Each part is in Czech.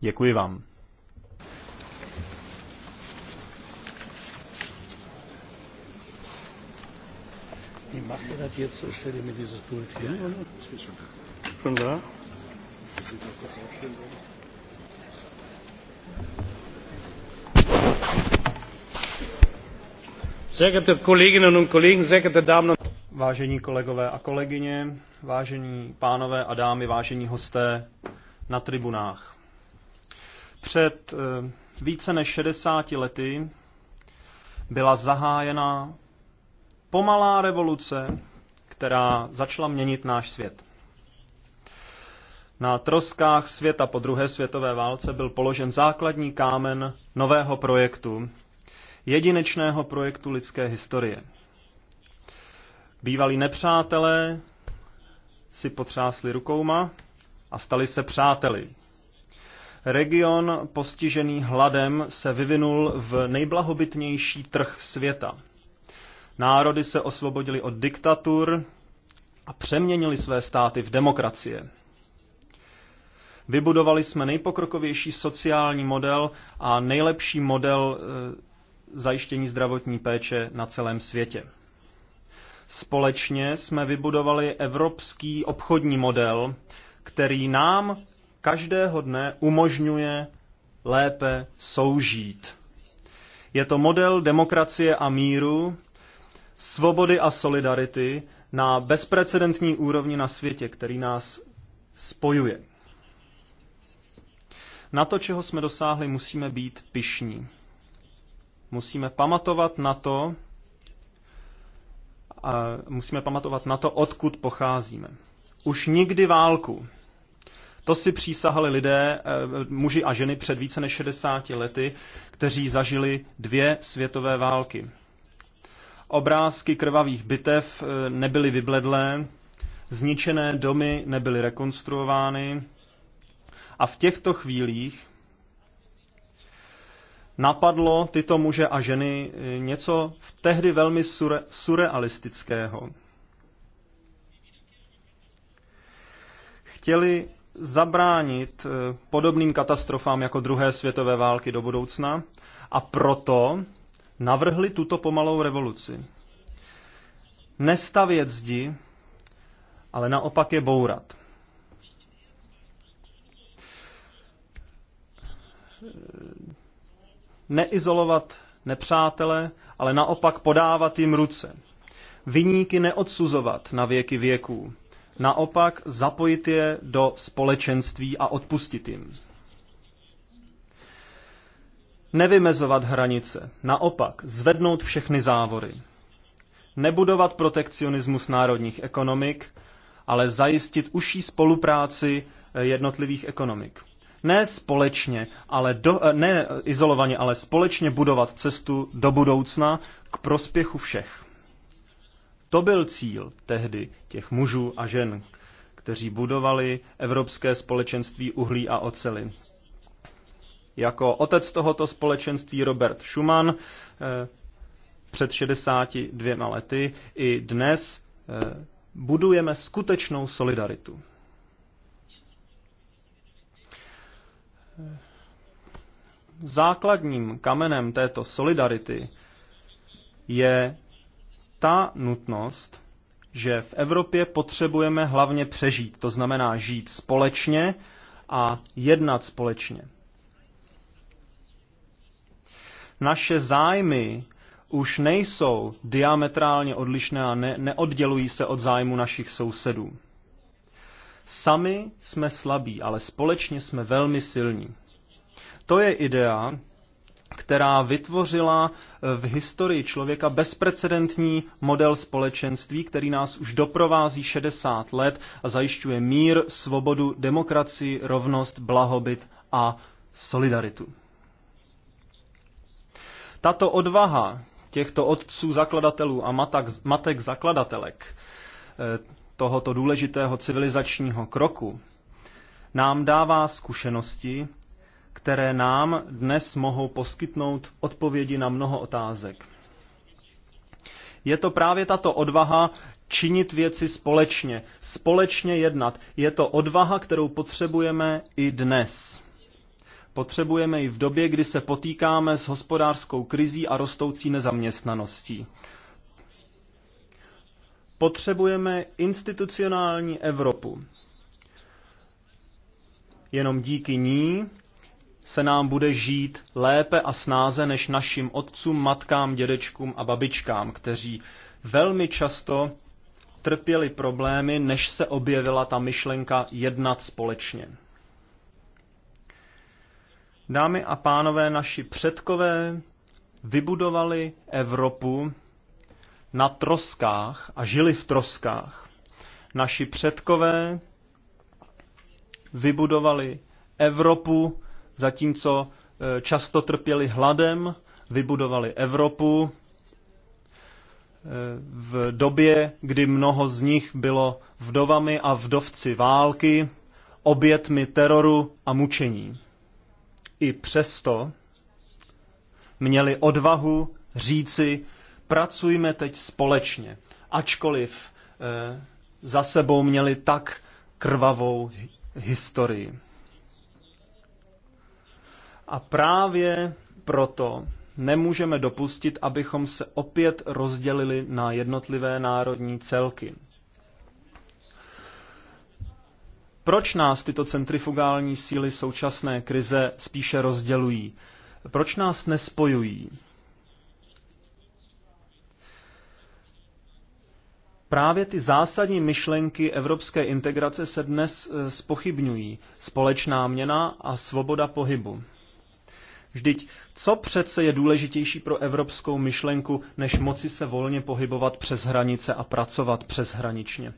Děkuji vám. Wie macht ihr das jetzt? Ich stelle mir dieses Pult hier. Ja, ja. Ist schon da. Schon da? Sehr geehrte Kolleginnen und Kollegen, sehr geehrte Damen und Vážení kolegové a kolegyně, vážení pánové a dámy, vážení hosté na tribunách. Před eh, více než 60 lety byla zahájena pomalá revoluce, která začala měnit náš svět. Na troskách světa po druhé světové válce byl položen základní kámen nového projektu, jedinečného projektu lidské historie. Bývalí nepřátelé si potřásli rukouma a stali se přáteli. Region postižený hladem se vyvinul v nejblahobytnější trh světa. Národy se osvobodily od diktatur a přeměnili své státy v demokracie. Vybudovali jsme nejpokrokovější sociální model a nejlepší model e, zajištění zdravotní péče na celém světě. Společně jsme vybudovali evropský obchodní model, který nám každého dne umožňuje lépe soužít. Je to model demokracie a míru, svobody a solidarity na bezprecedentní úrovni na světě, který nás spojuje. Na to, čeho jsme dosáhli, musíme být pišní. Musíme pamatovat na to, a musíme pamatovat na to, odkud pocházíme. Už nikdy válku, to si přísahali lidé, eh, muži a ženy před více než 60 lety, kteří zažili dvě světové války. Obrázky krvavých bitev eh, nebyly vybledlé, zničené domy nebyly rekonstruovány a v těchto chvílích napadlo tyto muže a ženy eh, něco v tehdy velmi sure, surrealistického. Chtěli zabránit eh, podobným katastrofám jako druhé světové války do budoucna a proto navrhli tuto pomalou revoluci. Nestavět zdi, ale naopak je bourat. Neizolovat nepřátele, ale naopak podávat jim ruce. Vyníky neodsuzovat na věky věků, naopak zapojit je do společenství a odpustit jim. Nevymezovat hranice, naopak zvednout všechny závory. Nebudovat protekcionismus národních ekonomik, ale zajistit užší spolupráci eh, jednotlivých ekonomik. Ne společně, ale do, eh, ne izolovaně, ale společně budovat cestu do budoucna k prospěchu všech. To byl cíl tehdy těch mužů a žen, kteří budovali Evropské společenství uhlí a ocely. Jako otec tohoto společenství Robert Schumann eh, před 62 lety i dnes eh, budujeme skutečnou solidaritu. Eh, základním kamenem této solidarity je ta nutnost, že v Evropě potřebujeme hlavně přežít, to znamená žít společně a jednat společně. Naše zájmy už nejsou diametrálně odlišné a ne- neoddělují se od zájmu našich sousedů. Sami jsme slabí, ale společně jsme velmi silní. To je idea, která vytvořila eh, v historii člověka bezprecedentní model společenství, který nás už doprovází 60 let a zajišťuje mír, svobodu, demokracii, rovnost, blahobyt a solidaritu. Tato odvaha těchto otců zakladatelů a matak, matek zakladatelek eh, tohoto důležitého civilizačního kroku nám dává zkušenosti, které nám dnes mohou poskytnout odpovědi na mnoho otázek. Je to právě tato odvaha činit věci společně, společně jednat. Je to odvaha, kterou potřebujeme i dnes. Potřebujeme ji v době, kdy se potýkáme s hospodářskou krizí a rostoucí nezaměstnaností. Potřebujeme institucionální Evropu. Jenom díky ní se nám bude žít lépe a snáze než našim otcům, matkám, dědečkům a babičkám, kteří velmi často trpěli problémy, než se objevila ta myšlenka jednat společně. Dámy a pánové, naši předkové vybudovali Evropu na troskách a žili v troskách. Naši předkové vybudovali Evropu zatímco e, často trpěli hladem, vybudovali Evropu e, v době, kdy mnoho z nich bylo vdovami a vdovci války, obětmi teroru a mučení. I přesto měli odvahu říci, pracujme teď společně, ačkoliv e, za sebou měli tak krvavou historii. A právě proto nemůžeme dopustit, abychom se opět rozdělili na jednotlivé národní celky. Proč nás tyto centrifugální síly současné krize spíše rozdělují? Proč nás nespojují? Právě ty zásadní myšlenky evropské integrace se dnes eh, spochybňují. Společná měna a svoboda pohybu. Vždyť co přece je důležitější pro evropskou myšlenku, než moci se volně pohybovat přes hranice a pracovat přeshraničně?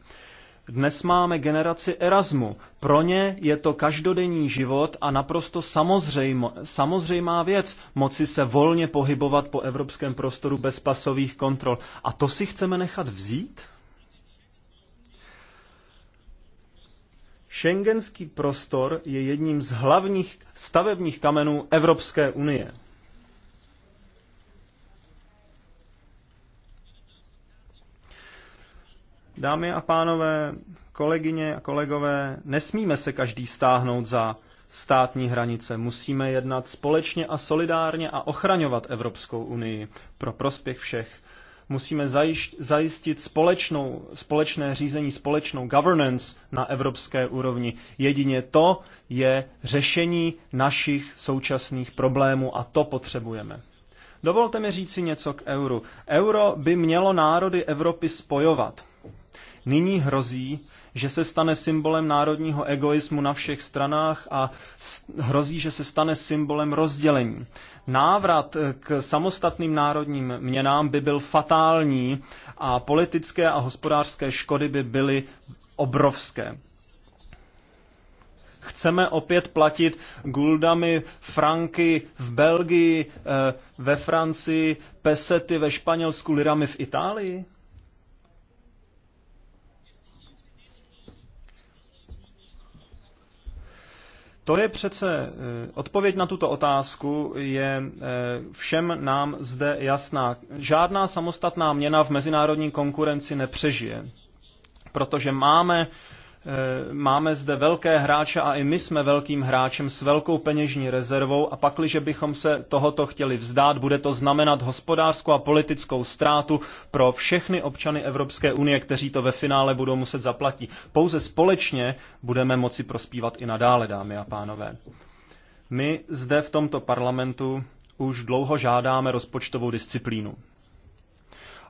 Dnes máme generaci Erasmu. Pro ně je to každodenní život a naprosto samozřejm, samozřejmá věc moci se volně pohybovat po evropském prostoru bez pasových kontrol. A to si chceme nechat vzít? Schengenský prostor je jedním z hlavních stavebních kamenů Evropské unie. Dámy a pánové, kolegyně a kolegové, nesmíme se každý stáhnout za státní hranice. Musíme jednat společně a solidárně a ochraňovat Evropskou unii pro prospěch všech. Musíme zajistit společnou, společné řízení, společnou governance na evropské úrovni. Jedině to je řešení našich současných problémů a to potřebujeme. Dovolte mi říci něco k euru. Euro by mělo národy Evropy spojovat. Nyní hrozí, že se stane symbolem národního egoismu na všech stranách a hrozí, že se stane symbolem rozdělení. Návrat eh, k samostatným národním měnám by byl fatální a politické a hospodářské škody by byly obrovské chceme opět platit guldami, franky v Belgii, eh, ve Francii, pesety ve Španělsku, lirami v Itálii? To je přece, eh, odpověď na tuto otázku je eh, všem nám zde jasná. Žádná samostatná měna v mezinárodní konkurenci nepřežije, protože máme Eh, máme zde velké hráče a i my jsme velkým hráčem s velkou peněžní rezervou a pakliže bychom se tohoto chtěli vzdát, bude to znamenat hospodářskou a politickou ztrátu pro všechny občany Evropské unie, kteří to ve finále budou muset zaplatit. Pouze společně budeme moci prospívat i nadále, dámy a pánové. My zde v tomto parlamentu už dlouho žádáme rozpočtovou disciplínu.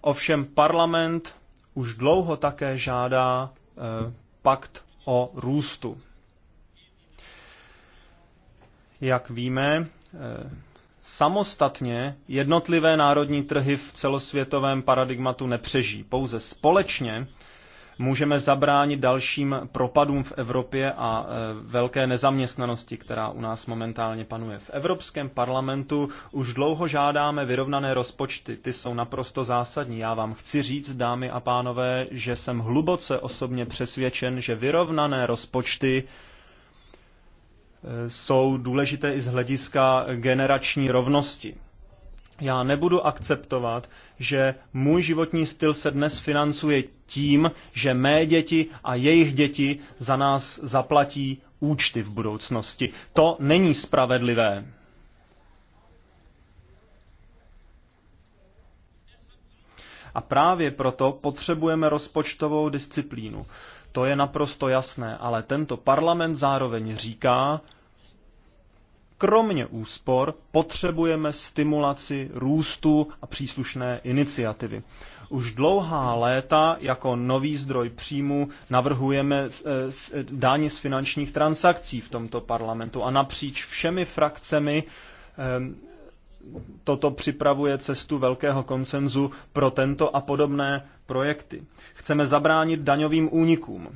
Ovšem parlament už dlouho také žádá eh, pakt o růstu. Jak víme, eh, samostatně jednotlivé národní trhy v celosvětovém paradigmatu nepřežijí. Pouze společně můžeme zabránit dalším propadům v Evropě a e, velké nezaměstnanosti, která u nás momentálně panuje. V Evropském parlamentu už dlouho žádáme vyrovnané rozpočty. Ty jsou naprosto zásadní. Já vám chci říct, dámy a pánové, že jsem hluboce osobně přesvědčen, že vyrovnané rozpočty e, jsou důležité i z hlediska generační rovnosti. Já nebudu akceptovat, že můj životní styl se dnes financuje tím, že mé děti a jejich děti za nás zaplatí účty v budoucnosti. To není spravedlivé. A právě proto potřebujeme rozpočtovou disciplínu. To je naprosto jasné, ale tento parlament zároveň říká, Kromě úspor potřebujeme stimulaci růstu a příslušné iniciativy. Už dlouhá léta jako nový zdroj příjmu navrhujeme eh, eh, dáně z finančních transakcí v tomto parlamentu a napříč všemi frakcemi eh, toto připravuje cestu velkého konsenzu pro tento a podobné projekty. Chceme zabránit daňovým únikům.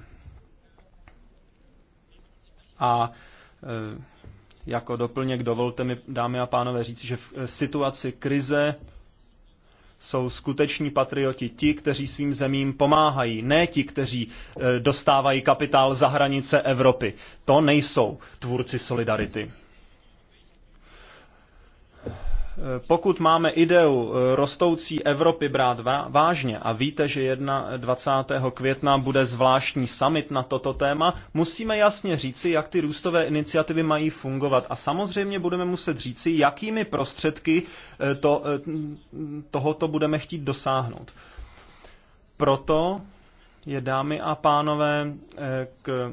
A jako doplněk dovolte mi, dámy a pánové, říct, že v eh, situaci krize jsou skuteční patrioti ti, kteří svým zemím pomáhají, ne ti, kteří eh, dostávají kapitál za hranice Evropy. To nejsou tvůrci solidarity. Eh, pokud máme ideu eh, rostoucí Evropy brát vážně a víte, že 21. Eh, května bude zvláštní summit na toto téma, musíme jasně říci, jak ty růstové iniciativy mají fungovat. A samozřejmě budeme muset říci, jakými prostředky to, tohoto budeme chtít dosáhnout. Proto je, dámy a pánové, k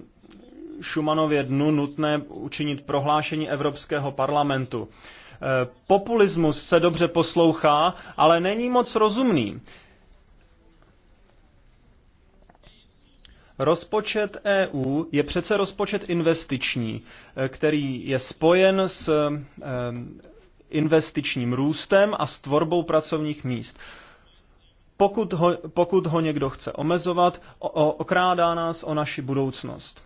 Šumanově dnu nutné učinit prohlášení Evropského parlamentu Eh, populismus se dobře poslouchá, ale není moc rozumný. Rozpočet EU je přece rozpočet investiční, eh, který je spojen s eh, investičním růstem a s tvorbou pracovních míst. Pokud ho, pokud ho někdo chce omezovat, okrádá nás o naši budoucnost.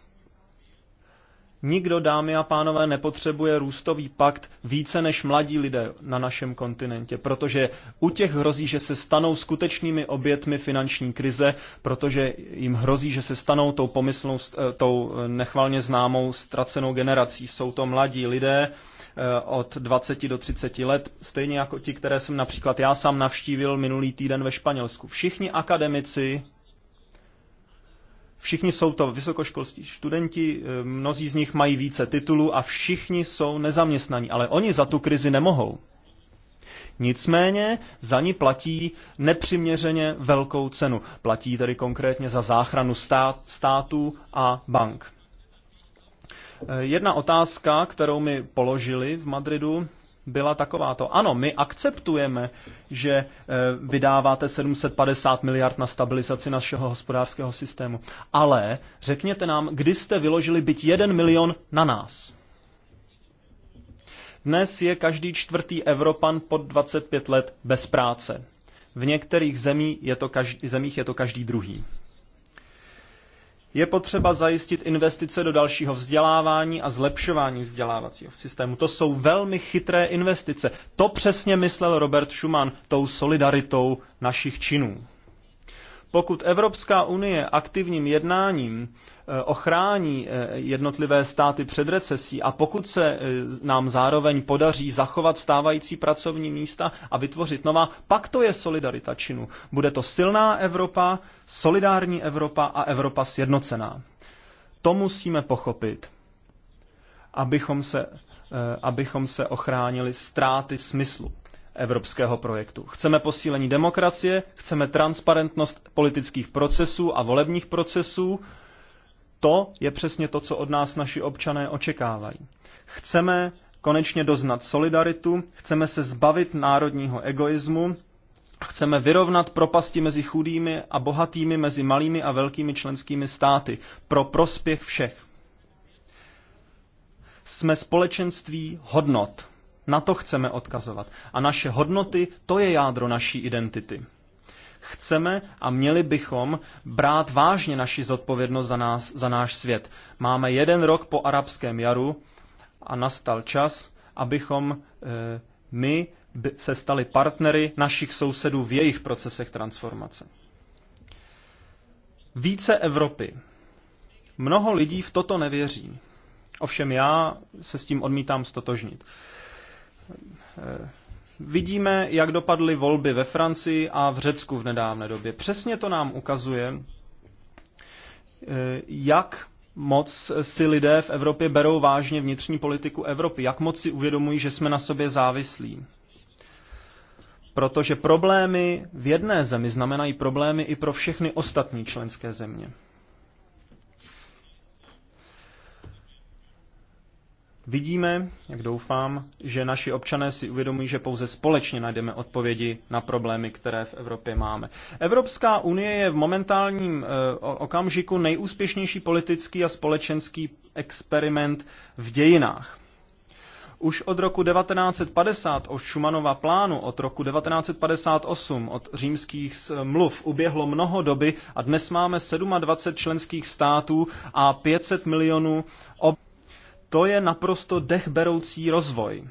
Nikdo, dámy a pánové, nepotřebuje růstový pakt více než mladí lidé na našem kontinentě, protože u těch hrozí, že se stanou skutečnými obětmi finanční krize, protože jim hrozí, že se stanou tou pomyslnou, eh, tou eh, nechvalně známou ztracenou generací. Jsou to mladí lidé eh, od 20 do 30 let, stejně jako ti, které jsem například já sám navštívil minulý týden ve Španělsku. Všichni akademici, Všichni jsou to vysokoškolští studenti, eh, mnozí z nich mají více titulů a všichni jsou nezaměstnaní, ale oni za tu krizi nemohou. Nicméně za ní platí nepřiměřeně velkou cenu. Platí tedy konkrétně za záchranu stát, států a bank. Eh, jedna otázka, kterou mi položili v Madridu, byla takováto. Ano, my akceptujeme, že eh, vydáváte 750 miliard na stabilizaci našeho hospodářského systému, ale řekněte nám, kdy jste vyložili byt 1 milion na nás. Dnes je každý čtvrtý Evropan pod 25 let bez práce. V některých zemí je to každý, zemích je to každý druhý. Je potřeba zajistit investice do dalšího vzdělávání a zlepšování vzdělávacího systému. To jsou velmi chytré investice. To přesně myslel Robert Schuman tou solidaritou našich činů. Pokud Evropská unie aktivním jednáním eh, ochrání eh, jednotlivé státy před recesí a pokud se eh, nám zároveň podaří zachovat stávající pracovní místa a vytvořit nová, pak to je solidarita činu. Bude to silná Evropa, solidární Evropa a Evropa sjednocená. To musíme pochopit, abychom se, abychom se ochránili ztráty smyslu evropského projektu. Chceme posílení demokracie, chceme transparentnost politických procesů a volebních procesů. To je přesně to, co od nás naši občané očekávají. Chceme konečně doznat solidaritu, chceme se zbavit národního egoismu, Chceme vyrovnat propasti mezi chudými a bohatými, mezi malými a velkými členskými státy pro prospěch všech. Jsme společenství hodnot. Na to chceme odkazovat. A naše hodnoty, to je jádro naší identity. Chceme a měli bychom brát vážně naši zodpovědnost za, nás, za náš svět. Máme jeden rok po arabském jaru a nastal čas, abychom e, my se stali partnery našich sousedů v jejich procesech transformace. Více Evropy. Mnoho lidí v toto nevěří. Ovšem já se s tím odmítám stotožnit. Eh, vidíme, jak dopadly volby ve Francii a v Řecku v nedávné době. Přesně to nám ukazuje, eh, jak moc si lidé v Evropě berou vážně vnitřní politiku Evropy, jak moc si uvědomují, že jsme na sobě závislí. Protože problémy v jedné zemi znamenají problémy i pro všechny ostatní členské země. Vidíme, jak doufám, že naši občané si uvědomují, že pouze společně najdeme odpovědi na problémy, které v Evropě máme. Evropská unie je v momentálním eh, okamžiku nejúspěšnější politický a společenský experiment v dějinách. Už od roku 1950, od Šumanova plánu, od roku 1958, od římských mluv uběhlo mnoho doby a dnes máme 27 členských států a 500 milionů obyvatel. To je naprosto dechberoucí rozvoj.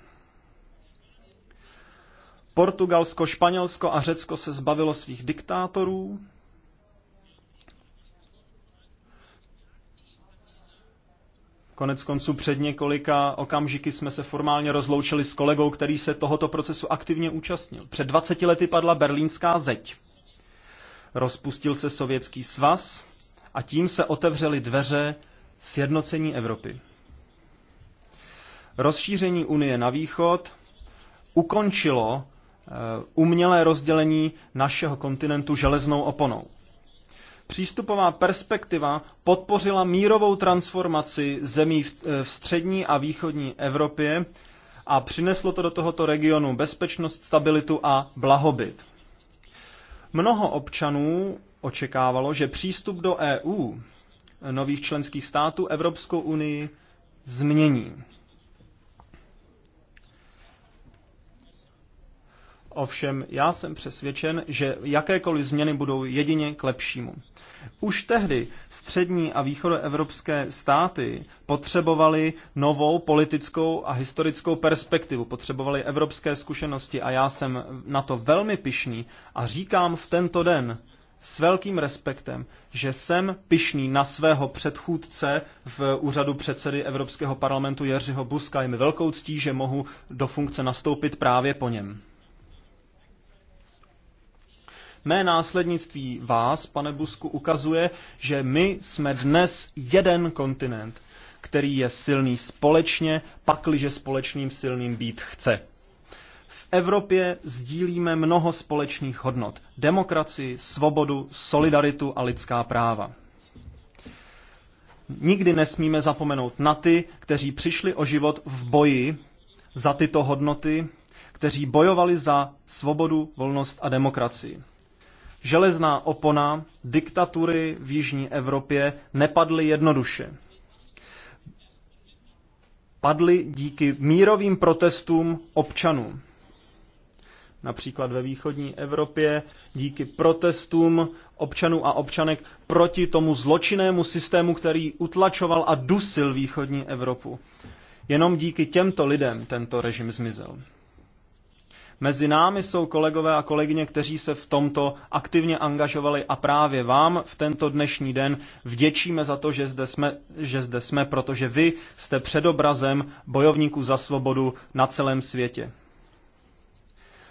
Portugalsko, Španělsko a Řecko se zbavilo svých diktátorů. Konec konců před několika okamžiky jsme se formálně rozloučili s kolegou, který se tohoto procesu aktivně účastnil. Před 20 lety padla berlínská zeď. Rozpustil se sovětský svaz a tím se otevřely dveře sjednocení Evropy. Rozšíření Unie na východ ukončilo eh, umělé rozdělení našeho kontinentu železnou oponou. Přístupová perspektiva podpořila mírovou transformaci zemí eh, v střední a východní Evropě a přineslo to do tohoto regionu bezpečnost, stabilitu a blahobyt. Mnoho občanů očekávalo, že přístup do EU nových členských států Evropskou unii změní. Ovšem já jsem přesvědčen, že jakékoliv změny budou jedině k lepšímu. Už tehdy střední a východoevropské státy potřebovali novou politickou a historickou perspektivu, potřebovali evropské zkušenosti a já jsem na to velmi pišný a říkám v tento den s velkým respektem, že jsem pišný na svého předchůdce v úřadu předsedy Evropského parlamentu Jerzyho Buska. Je mi velkou ctí, že mohu do funkce nastoupit právě po něm. Mé následnictví vás, pane Busku, ukazuje, že my jsme dnes jeden kontinent, který je silný společně, pakliže společným silným být chce. V Evropě sdílíme mnoho společných hodnot. Demokracii, svobodu, solidaritu a lidská práva. Nikdy nesmíme zapomenout na ty, kteří přišli o život v boji za tyto hodnoty, kteří bojovali za svobodu, volnost a demokracii železná opona diktatury v Jižní Evropě nepadly jednoduše. Padly díky mírovým protestům občanů. Například ve východní Evropě díky protestům občanů a občanek proti tomu zločinnému systému, který utlačoval a dusil východní Evropu. Jenom díky těmto lidem tento režim zmizel. Mezi námi jsou kolegové a kolegyně, kteří se v tomto aktivně angažovali a právě vám v tento dnešní den vděčíme za to, že zde jsme, že zde jsme protože vy jste předobrazem bojovníků za svobodu na celém světě.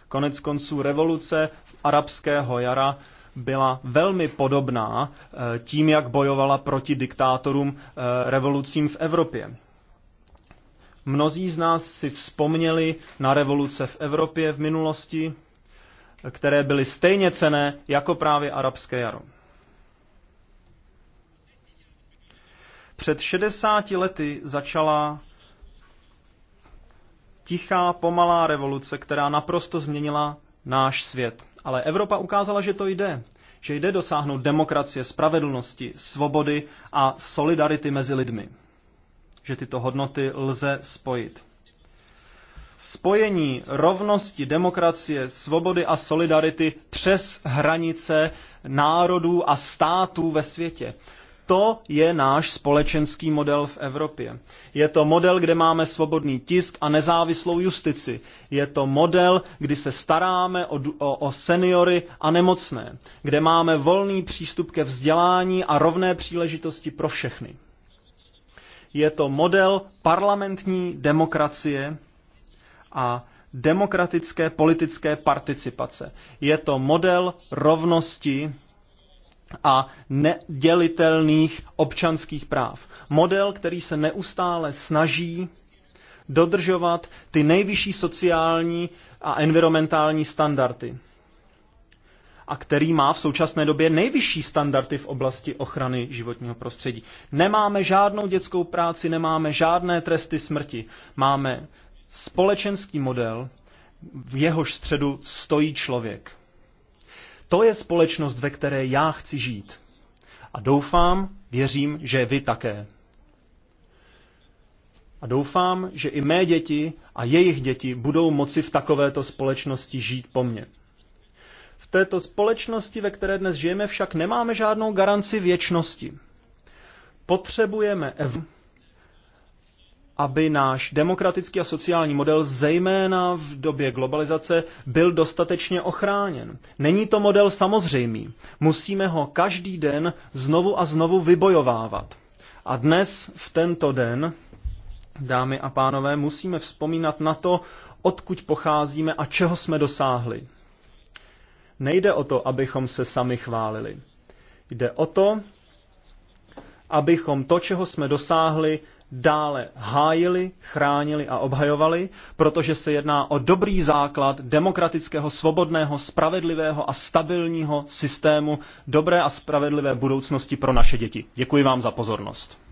Konec konců revoluce v arabského jara byla velmi podobná eh, tím, jak bojovala proti diktátorům eh, revolucím v Evropě. Mnozí z nás si vzpomněli na revoluce v Evropě v minulosti, které byly stejně cené jako právě arabské jaro. Před 60 lety začala tichá, pomalá revoluce, která naprosto změnila náš svět. Ale Evropa ukázala, že to jde. Že jde dosáhnout demokracie, spravedlnosti, svobody a solidarity mezi lidmi že tyto hodnoty lze spojit. Spojení rovnosti, demokracie, svobody a solidarity přes hranice národů a států ve světě. To je náš společenský model v Evropě. Je to model, kde máme svobodný tisk a nezávislou justici. Je to model, kdy se staráme o, o, o seniory a nemocné, kde máme volný přístup ke vzdělání a rovné příležitosti pro všechny. Je to model parlamentní demokracie a demokratické politické participace. Je to model rovnosti a nedělitelných občanských práv. Model, který se neustále snaží dodržovat ty nejvyšší sociální a environmentální standardy a který má v současné době nejvyšší standardy v oblasti ochrany životního prostředí. Nemáme žádnou dětskou práci, nemáme žádné tresty smrti. Máme společenský model, v jehož středu stojí člověk. To je společnost, ve které já chci žít. A doufám, věřím, že vy také. A doufám, že i mé děti a jejich děti budou moci v takovéto společnosti žít po mně této společnosti, ve které dnes žijeme, však nemáme žádnou garanci věčnosti. Potřebujeme ev, aby náš demokratický a sociální model, zejména v době globalizace, byl dostatečně ochráněn. Není to model samozřejmý. Musíme ho každý den znovu a znovu vybojovávat. A dnes, v tento den, dámy a pánové, musíme vzpomínat na to, odkud pocházíme a čeho jsme dosáhli. Nejde o to, abychom se sami chválili. Jde o to, abychom to, čeho jsme dosáhli, dále hájili, chránili a obhajovali, protože se jedná o dobrý základ demokratického, svobodného, spravedlivého a stabilního systému dobré a spravedlivé budoucnosti pro naše děti. Děkuji vám za pozornost.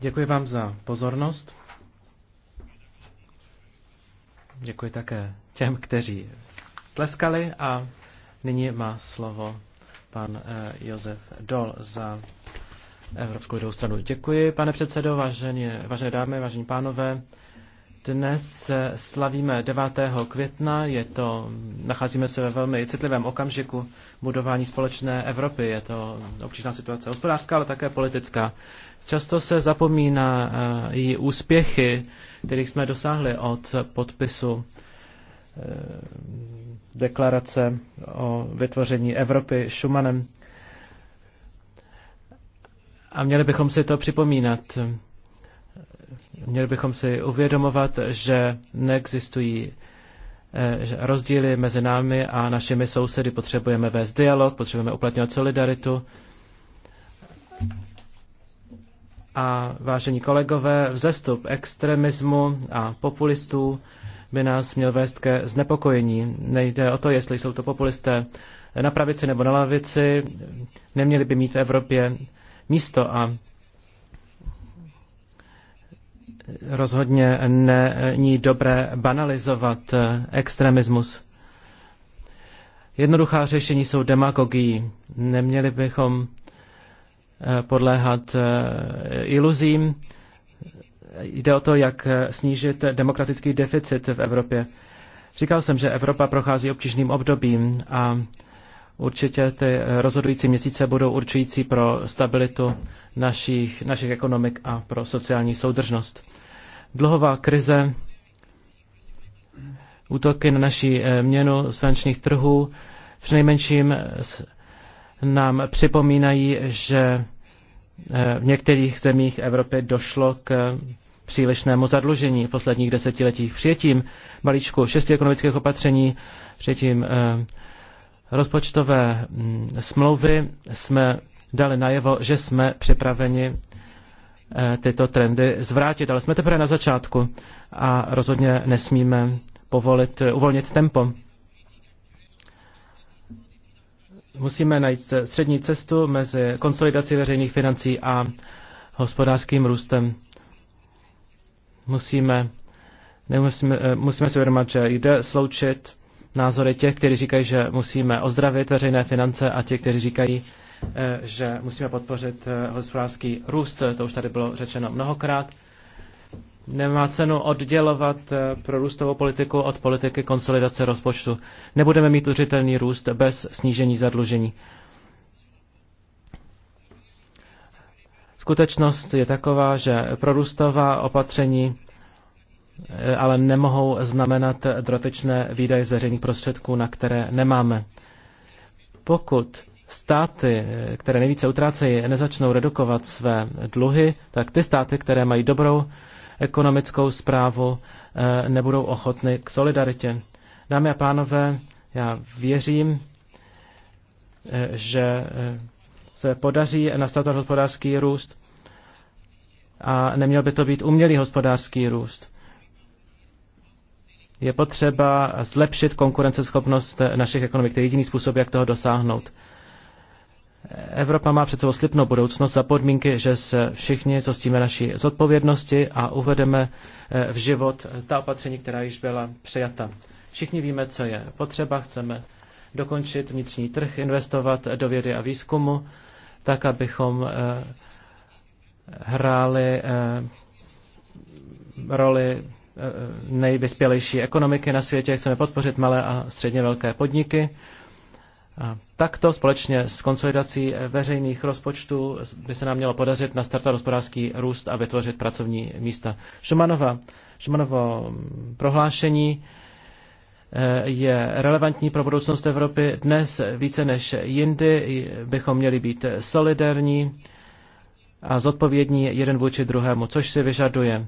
Děkuji vám za pozornost. Děkuji také těm, kteří tleskali a nyní má slovo pan eh, Josef Dol za Evropskou lidovou stranu. Děkuji, pane předsedo, vážené, vážené dámy, vážení pánové. Dnes slavíme 9. května, je to, nacházíme se ve velmi citlivém okamžiku budování společné Evropy. Je to obtížná situace hospodářská, ale také politická. Často se zapomíná i eh, úspěchy, kterých jsme dosáhli od podpisu eh, deklarace o vytvoření Evropy Schumanem. A měli bychom si to připomínat. Měli bychom si uvědomovat, že neexistují eh, že rozdíly mezi námi a našimi sousedy. Potřebujeme vést dialog, potřebujeme uplatňovat solidaritu. A vážení kolegové, vzestup extremismu a populistů by nás měl vést ke znepokojení. Nejde o to, jestli jsou to populisté na pravici nebo na lavici. Neměli by mít v Evropě místo a rozhodně není dobré banalizovat extremismus. Jednoduchá řešení jsou demagogii. Neměli bychom eh, podléhat eh, iluzím. Jde o to, jak eh, snížit demokratický deficit v Evropě. Říkal jsem, že Evropa prochází obtížným obdobím a určitě ty rozhodující měsíce budou určující pro stabilitu našich, našich ekonomik a pro sociální soudržnost dluhová krize, útoky na naší eh, měnu z finančních trhů, v nejmenším nám připomínají, že eh, v některých zemích Evropy došlo k přílišnému zadlužení v posledních desetiletích. Přijetím balíčku šesti ekonomických opatření, přijetím eh, rozpočtové mm, smlouvy jsme dali najevo, že jsme připraveni Eh, tyto trendy zvrátit. Ale jsme teprve na začátku a rozhodně nesmíme povolit, eh, uvolnit tempo. Musíme najít střední cestu mezi konsolidací veřejných financí a hospodářským růstem. Musíme, nemusíme, eh, musíme si uvědomit, že jde sloučit názory těch, kteří říkají, že musíme ozdravit veřejné finance a těch, kteří říkají, Eh, že musíme podpořit eh, hospodářský růst, to už tady bylo řečeno mnohokrát. Nemá cenu oddělovat eh, pro růstovou politiku od politiky konsolidace rozpočtu. Nebudeme mít udržitelný růst bez snížení zadlužení. Skutečnost je taková, že prorůstová opatření ale nemohou znamenat drotečné výdaje z veřejných prostředků, na které nemáme. Pokud státy, které nejvíce utrácejí, nezačnou redukovat své dluhy, tak ty státy, které mají dobrou ekonomickou zprávu, eh, nebudou ochotny k solidaritě. Dámy a pánové, já věřím, eh, že eh, se podaří nastat hospodářský růst a neměl by to být umělý hospodářský růst. Je potřeba zlepšit konkurenceschopnost našich ekonomik. To je jediný způsob, jak toho dosáhnout. Evropa má před sebou slibnou budoucnost za podmínky, že se všichni zostíme naší zodpovědnosti a uvedeme eh, v život ta opatření, která již byla přijata. Všichni víme, co je potřeba, chceme dokončit vnitřní trh, investovat do vědy a výzkumu, tak, abychom eh, hráli eh, roli nejvyspělejší ekonomiky na světě. Chceme podpořit malé a středně velké podniky. A takto společně s konsolidací veřejných rozpočtů by se nám mělo podařit nastartovat hospodářský růst a vytvořit pracovní místa. Šumanova, Šumanovo prohlášení eh, je relevantní pro budoucnost Evropy. Dnes více než jindy bychom měli být solidární a zodpovědní jeden vůči druhému, což si vyžaduje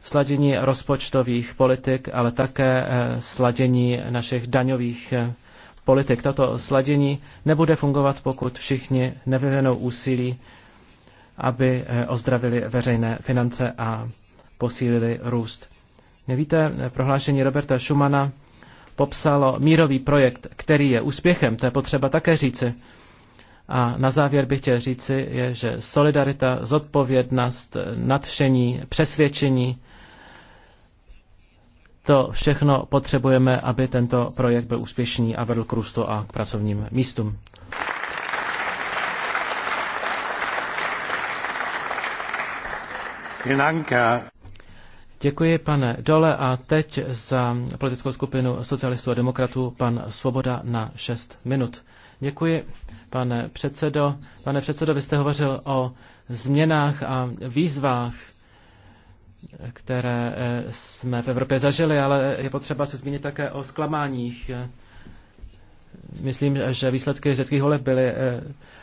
sladění rozpočtových politik, ale také eh, sladění našich daňových eh, politik. Toto sladění nebude fungovat, pokud všichni nevyvinou úsilí, aby eh, ozdravili veřejné finance a posílili růst. Víte, eh, prohlášení Roberta Schumana popsalo mírový projekt, který je úspěchem, to je potřeba také říci. A na závěr bych chtěl říci, je, že solidarita, zodpovědnost, eh, nadšení, přesvědčení to všechno potřebujeme, aby tento projekt byl úspěšný a vedl k růstu a k pracovním místům. Děkuji, pane Dole. A teď za politickou skupinu socialistů a demokratů pan Svoboda na 6 minut. Děkuji, pane předsedo. Pane předsedo, vy jste hovořil o změnách a výzvách které eh, jsme v Evropě zažili, ale je potřeba se zmínit také o zklamáních. Myslím, že výsledky řeckých voleb byly eh,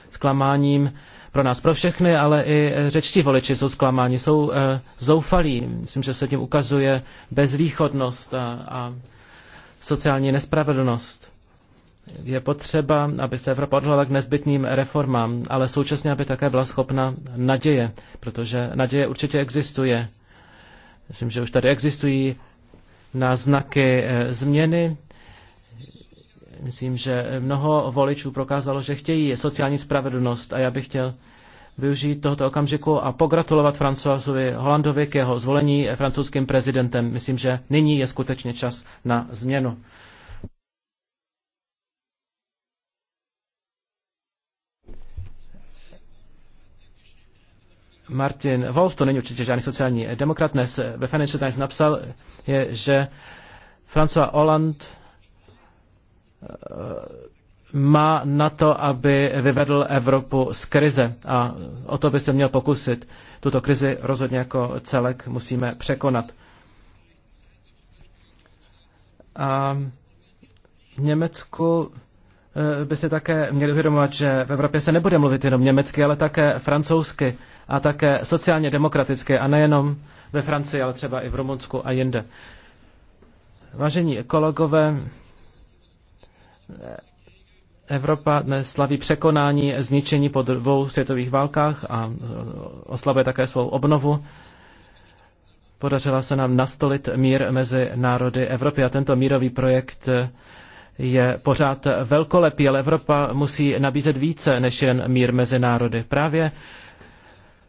zklamáním pro nás, pro všechny, ale i eh, řečtí voliči jsou zklamáni, jsou zoufalí. Myslím, že se tím ukazuje bezvýchodnost a, a sociální nespravedlnost. Je potřeba, aby se Evropa odhodlala k nezbytným reformám, ale současně, aby také byla schopna naděje, protože naděje určitě existuje. Myslím, že už tady existují náznaky eh, změny. Myslím, že mnoho voličů prokázalo, že chtějí sociální spravedlnost a já bych chtěl využít tohoto okamžiku a pogratulovat Francoisovi Holandovi k jeho zvolení francouzským prezidentem. Myslím, že nyní je skutečně čas na změnu. Martin Wolf, to není určitě žádný sociální demokrat, dnes ve Financial Times napsal, je, že François Hollande eh, má na to, aby vyvedl Evropu z krize a o to by se měl pokusit. Tuto krizi rozhodně jako celek musíme překonat. A v Německu eh, by se také měli uvědomovat, že v Evropě se nebude mluvit jenom německy, ale také francouzsky a také sociálně demokratické a nejenom ve Francii, ale třeba i v Rumunsku a jinde. Vážení ekologové, Evropa dnes slaví překonání zničení po dvou světových válkách a oslabuje také svou obnovu. Podařila se nám nastolit mír mezi národy Evropy a tento mírový projekt je pořád velkolepý, ale Evropa musí nabízet více než jen mír mezi národy. Právě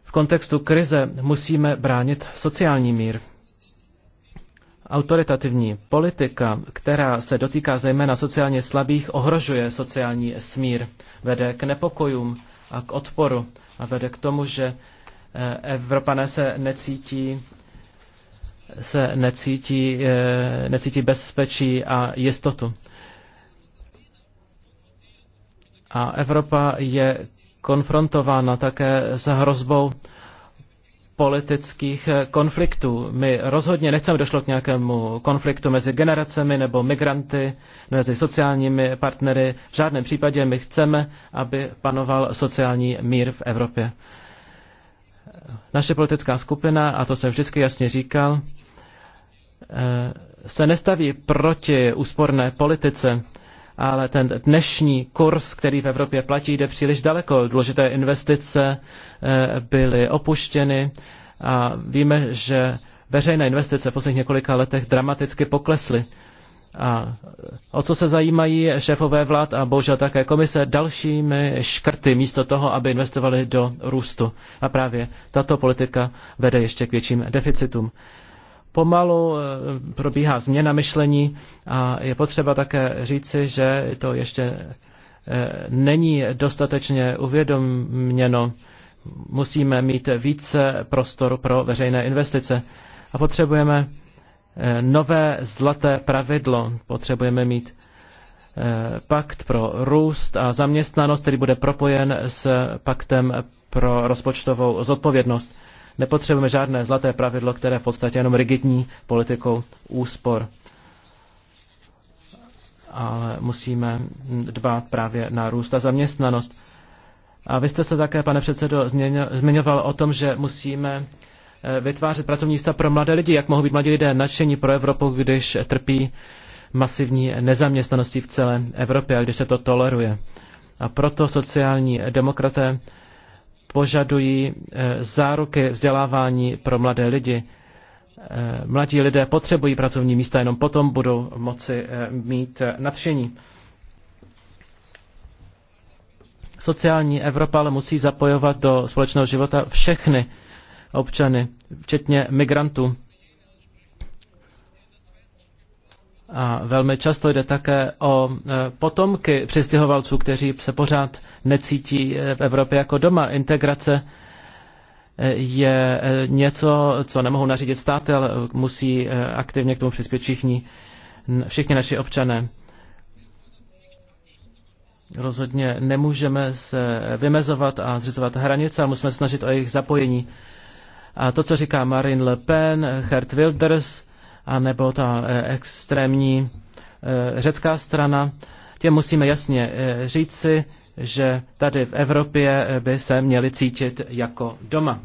v kontextu krize musíme bránit sociální mír. Autoritativní politika, která se dotýká zejména sociálně slabých, ohrožuje sociální smír, vede k nepokojům a k odporu a vede k tomu, že eh, Evropané se necítí se necítí, eh, necítí bezpečí a jistotu. A Evropa je konfrontována také s hrozbou politických konfliktů. My rozhodně nechceme došlo k nějakému konfliktu mezi generacemi nebo migranty, mezi sociálními partnery. V žádném případě my chceme, aby panoval sociální mír v Evropě. Naše politická skupina, a to jsem vždycky jasně říkal, eh, se nestaví proti úsporné politice ale ten dnešní kurz, který v Evropě platí, jde příliš daleko. Důležité investice eh, byly opuštěny a víme, že veřejné investice v posledních několika letech dramaticky poklesly. A eh, o co se zajímají šéfové vlád a bohužel také komise dalšími škrty místo toho, aby investovali do růstu. A právě tato politika vede ještě k větším deficitům pomalu eh, probíhá změna myšlení a je potřeba také říci, že to ještě eh, není dostatečně uvědoměno. Musíme mít více prostoru pro veřejné investice a potřebujeme eh, nové zlaté pravidlo. Potřebujeme mít pakt pro růst a zaměstnanost, který bude propojen s paktem pro rozpočtovou zodpovědnost. Nepotřebujeme žádné zlaté pravidlo, které v podstatě jenom rigidní politikou úspor. Ale musíme dbát právě na růst a zaměstnanost. A vy jste se také, pane předsedo, zmiňoval o tom, že musíme eh, vytvářet pracovní místa pro mladé lidi. Jak mohou být mladí lidé nadšení pro Evropu, když trpí masivní nezaměstnaností v celé Evropě a když se to toleruje? A proto sociální demokraté požadují eh, záruky vzdělávání pro mladé lidi. Eh, mladí lidé potřebují pracovní místa, jenom potom budou moci eh, mít nadšení. Sociální Evropa ale musí zapojovat do společného života všechny občany, včetně migrantů. A velmi často jde také o e, potomky přistěhovalců, kteří se pořád necítí e, v Evropě jako doma. Integrace e, je něco, co nemohou nařídit státy, ale musí aktivně k tomu přispět všichni, všichni naši občané. Rozhodně nemůžeme se vymezovat a zřizovat hranice, ale musíme snažit o jejich zapojení. A to, co říká Marine Le Pen, Hert Wilders, anebo ta eh, extrémní eh, řecká strana, těm musíme jasně eh, říci, že tady v Evropě by se měli cítit jako doma.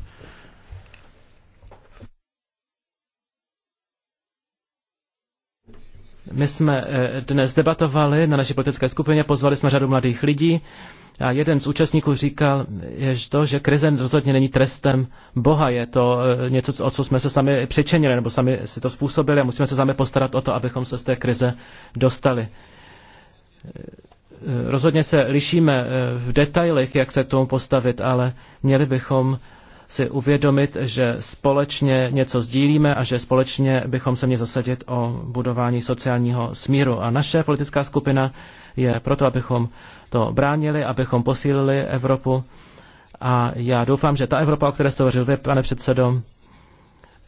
My jsme eh, dnes debatovali na naší politické skupině, pozvali jsme řadu mladých lidí a jeden z účastníků říkal, že to, že krize rozhodně není trestem Boha, je to eh, něco, o co jsme se sami přičinili, nebo sami si to způsobili a musíme se sami postarat o to, abychom se z té krize dostali. Eh, rozhodně se lišíme v detailech, jak se k tomu postavit, ale měli bychom si uvědomit, že společně něco sdílíme a že společně bychom se měli zasadit o budování sociálního smíru. A naše politická skupina je proto, abychom to bránili, abychom posílili Evropu. A já doufám, že ta Evropa, o které jste hovořil vy, pane předsedo,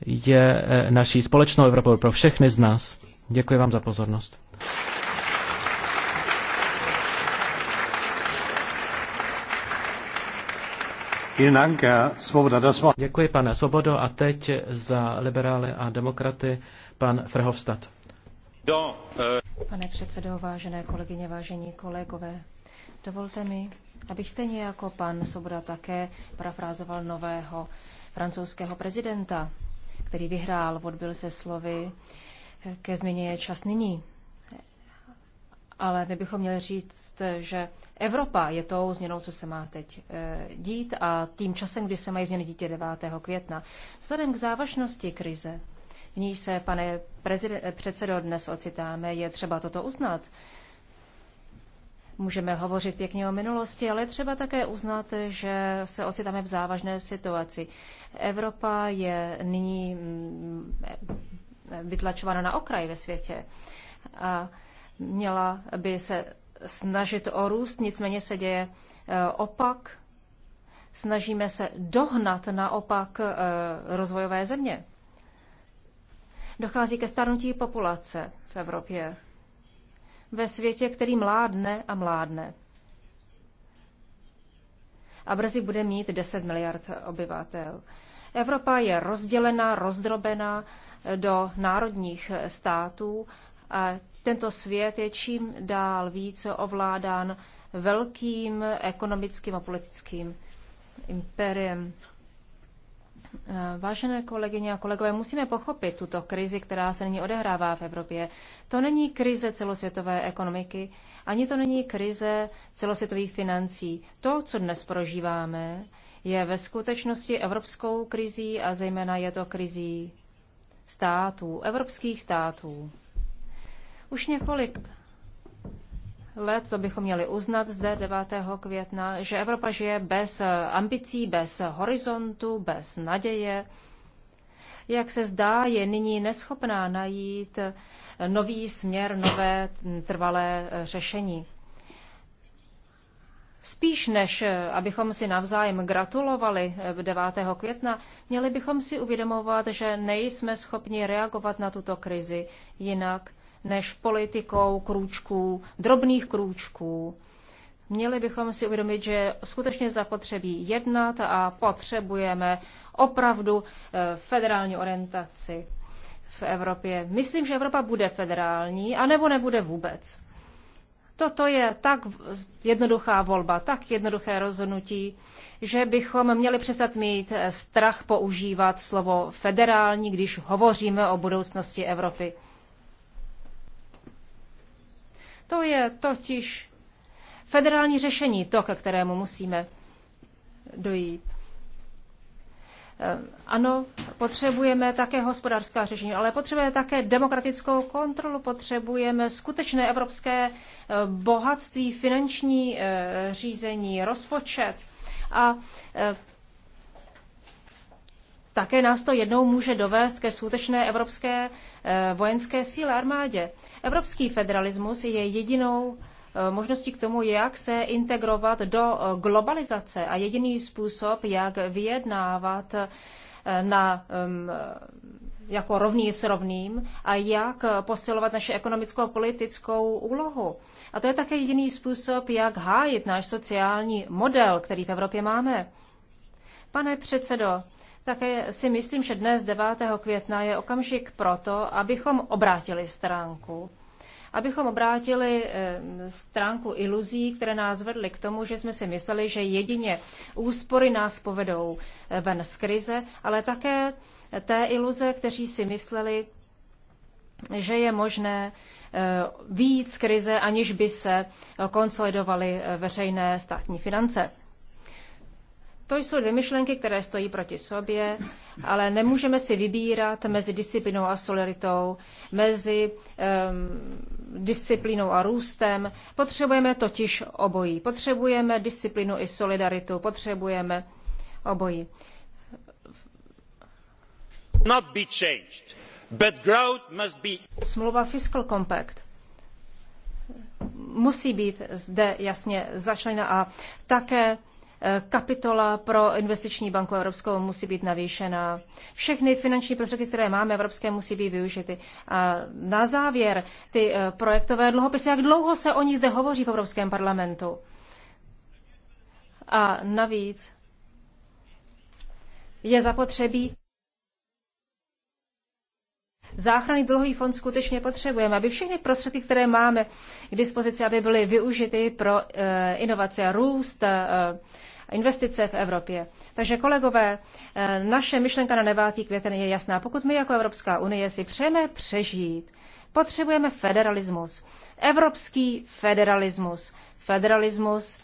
je eh, naší společnou Evropou pro všechny z nás. Děkuji vám za pozornost. Děkuji, pane Svobodo. A teď za liberály a demokraty pan Frhovstad. Pane předsedo, vážené kolegyně, vážení kolegové, dovolte mi, abych stejně jako pan Svoboda také parafrázoval nového francouzského prezidenta, který vyhrál, odbil se slovy ke změně je čas nyní ale my bychom měli říct, že Evropa je tou změnou, co se má teď eh, dít a tím časem, kdy se mají změny dítě 9. května. Vzhledem k závažnosti krize, v níž se, pane předsedo, dnes ocitáme, je třeba toto uznat. Můžeme hovořit pěkně o minulosti, ale třeba také uznat, že se ocitáme v závažné situaci. Evropa je nyní mm, eh, vytlačována na okraj ve světě. A Měla by se snažit o růst, nicméně se děje e, opak. Snažíme se dohnat naopak e, rozvojové země. Dochází ke starnutí populace v Evropě, ve světě, který mládne a mládne. A brzy bude mít 10 miliard obyvatel. Evropa je rozdělena, rozdrobena do národních států a tento svět je čím dál více ovládán velkým ekonomickým a politickým imperiem. Vážené kolegyně a kolegové, musíme pochopit tuto krizi, která se nyní odehrává v Evropě. To není krize celosvětové ekonomiky, ani to není krize celosvětových financí. To, co dnes prožíváme, je ve skutečnosti evropskou krizí a zejména je to krizí států, evropských států. Už několik let, co bychom měli uznat zde 9. května, že Evropa žije bez ambicí, bez horizontu, bez naděje. Jak se zdá, je nyní neschopná najít nový směr, nové trvalé řešení. Spíš než abychom si navzájem gratulovali 9. května, měli bychom si uvědomovat, že nejsme schopni reagovat na tuto krizi jinak než politikou krůčků, drobných krůčků. Měli bychom si uvědomit, že skutečně zapotřebí jednat a potřebujeme opravdu eh, federální orientaci v Evropě. Myslím, že Evropa bude federální, anebo nebude vůbec. Toto je tak jednoduchá volba, tak jednoduché rozhodnutí, že bychom měli přestat mít eh, strach používat slovo federální, když hovoříme o budoucnosti Evropy. To je totiž federální řešení, to, ke kterému musíme dojít. Eh, ano, potřebujeme také hospodářská řešení, ale potřebujeme také demokratickou kontrolu, potřebujeme skutečné evropské eh, bohatství, finanční eh, řízení, rozpočet. A také nás to jednou může dovést ke skutečné evropské eh, vojenské síle armádě. Evropský federalismus je jedinou eh, možností k tomu, jak se integrovat do eh, globalizace a jediný způsob, jak vyjednávat na, jako rovný s rovným a jak posilovat naši ekonomickou a politickou úlohu. A to je také jediný způsob, jak hájit náš sociální model, který v Evropě máme. Pane předsedo, také si myslím, že dnes 9. května je okamžik proto, abychom obrátili stránku. Abychom obrátili eh, stránku iluzí, které nás vedly k tomu, že jsme si mysleli, že jedině úspory nás povedou eh, ven z krize, ale také té iluze, kteří si mysleli, že je možné eh, víc krize, aniž by se konsolidovaly veřejné státní finance. To jsou dvě myšlenky, které stojí proti sobě, ale nemůžeme si vybírat mezi disciplinou a solidaritou, mezi um, disciplínou a růstem. Potřebujeme totiž obojí. Potřebujeme disciplinu i solidaritu, potřebujeme obojí. Not be changed, but growth must be... Smlouva Fiscal Compact musí být zde jasně začlena a také kapitola pro investiční banku Evropskou musí být navýšena. Všechny finanční prostředky, které máme evropské, musí být využity. A na závěr ty eh, projektové dluhopisy, jak dlouho se o ní zde hovoří v Evropském parlamentu. A navíc je zapotřebí záchranný dluhový fond skutečně potřebujeme, aby všechny prostředky, které máme k dispozici, aby byly využity pro eh, inovace a růst, eh, investice v Evropě. Takže kolegové, eh, naše myšlenka na devátý květen je jasná. Pokud my jako Evropská unie si přejeme přežít, potřebujeme federalismus. Evropský federalismus. Federalismus,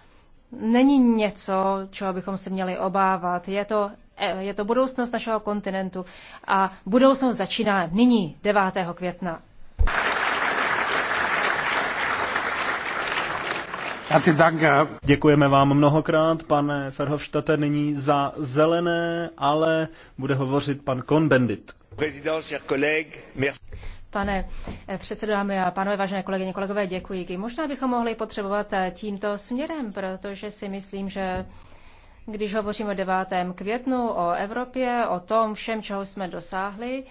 není něco, čeho bychom se měli obávat. Je to, e, je to budoucnost našeho kontinentu a budoucnost začíná nyní, 9. května. Děkujeme vám mnohokrát, pane Ferhofštate, nyní za zelené, ale bude hovořit pan Kohn-Bendit. Pane eh, předsedo, dámy a pánové, vážené kolegyně, kolegové, děkuji. Možná bychom mohli potřebovat eh, tímto směrem, protože si myslím, že když hovořím o 9. květnu, o Evropě, o tom všem, čeho jsme dosáhli,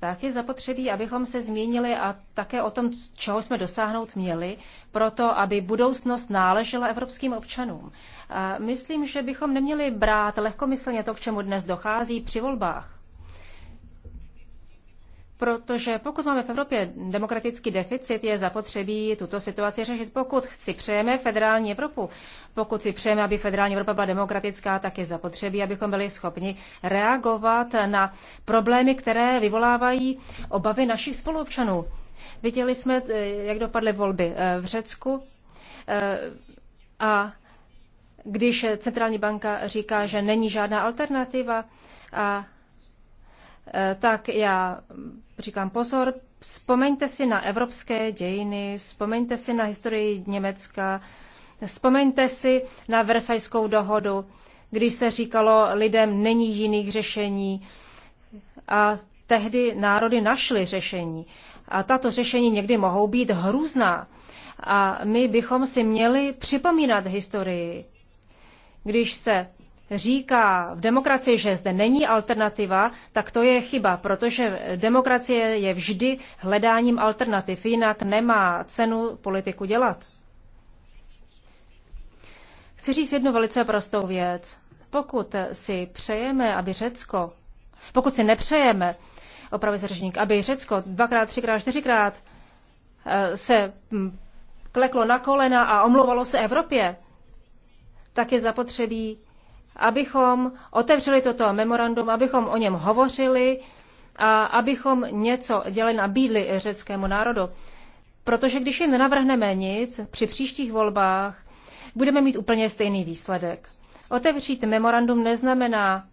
tak je zapotřebí, abychom se zmínili a také o tom, čeho jsme dosáhnout měli, proto aby budoucnost náležela evropským občanům. A myslím, že bychom neměli brát lehkomyslně to, k čemu dnes dochází při volbách. Protože pokud máme v Evropě demokratický deficit, je zapotřebí tuto situaci řešit. Pokud si přejeme federální Evropu, pokud si přejeme, aby federální Evropa byla demokratická, tak je zapotřebí, abychom byli schopni reagovat na problémy, které vyvolávají obavy našich spoluobčanů. Viděli jsme, eh, jak dopadly volby eh, v Řecku eh, a když centrální banka říká, že není žádná alternativa a Eh, tak já říkám pozor, vzpomeňte si na evropské dějiny, vzpomeňte si na historii Německa, vzpomeňte si na Versajskou dohodu, když se říkalo lidem není jiných řešení a tehdy národy našly řešení. A tato řešení někdy mohou být hrůzná. A my bychom si měli připomínat historii. Když se říká v demokracii, že zde není alternativa, tak to je chyba, protože demokracie je vždy hledáním alternativ, jinak nemá cenu politiku dělat. Chci říct jednu velice prostou věc. Pokud si přejeme, aby Řecko, pokud si nepřejeme, opravdu se řečník, aby Řecko dvakrát, třikrát, čtyřikrát eh, se hm, kleklo na kolena a omlouvalo se Evropě, tak je zapotřebí abychom otevřeli toto memorandum, abychom o něm hovořili a abychom něco dělali, bídli řeckému národu. Protože když jim nenavrhneme nic, při příštích volbách budeme mít úplně stejný výsledek. Otevřít memorandum neznamená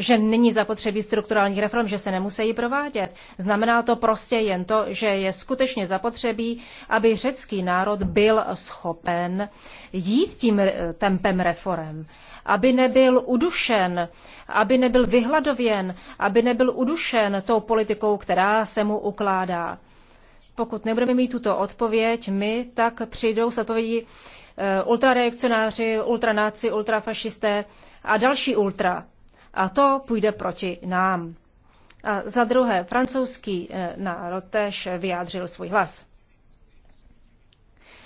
že není zapotřebí strukturálních reform, že se nemusí provádět. Znamená to prostě jen to, že je skutečně zapotřebí, aby řecký národ byl schopen jít tím eh, tempem reform, aby nebyl udušen, aby nebyl vyhladověn, aby nebyl udušen tou politikou, která se mu ukládá. Pokud nebudeme mít tuto odpověď, my tak přijdou s odpovědí eh, ultrareakcionáři, ultranáci, ultrafašisté a další ultra a to půjde proti nám. A za druhé, francouzský eh, národ tež vyjádřil svůj hlas.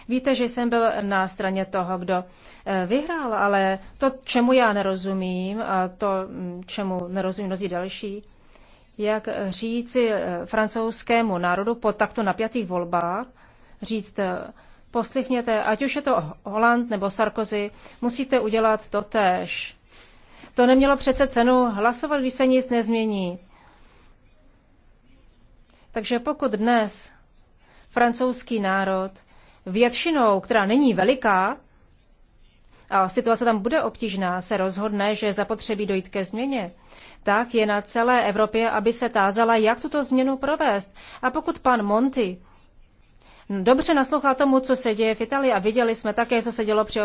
Víte, že jsem byl na straně toho, kdo eh, vyhrál, ale to, čemu já nerozumím a to, mm, čemu nerozumí mnozí další, jak říci eh, francouzskému národu po takto napjatých volbách, říct, poslychněte, ať už je to Holand nebo Sarkozy, musíte udělat to též. To nemělo přece cenu hlasovat, když se nic nezmění. Takže pokud dnes francouzský národ většinou, která není veliká, a situace tam bude obtížná, se rozhodne, že zapotřebí dojít ke změně, tak je na celé Evropě, aby se tázala, jak tuto změnu provést. A pokud pan Monty dobře naslouchá tomu, co se děje v Itálii a viděli jsme také, co se dělo při,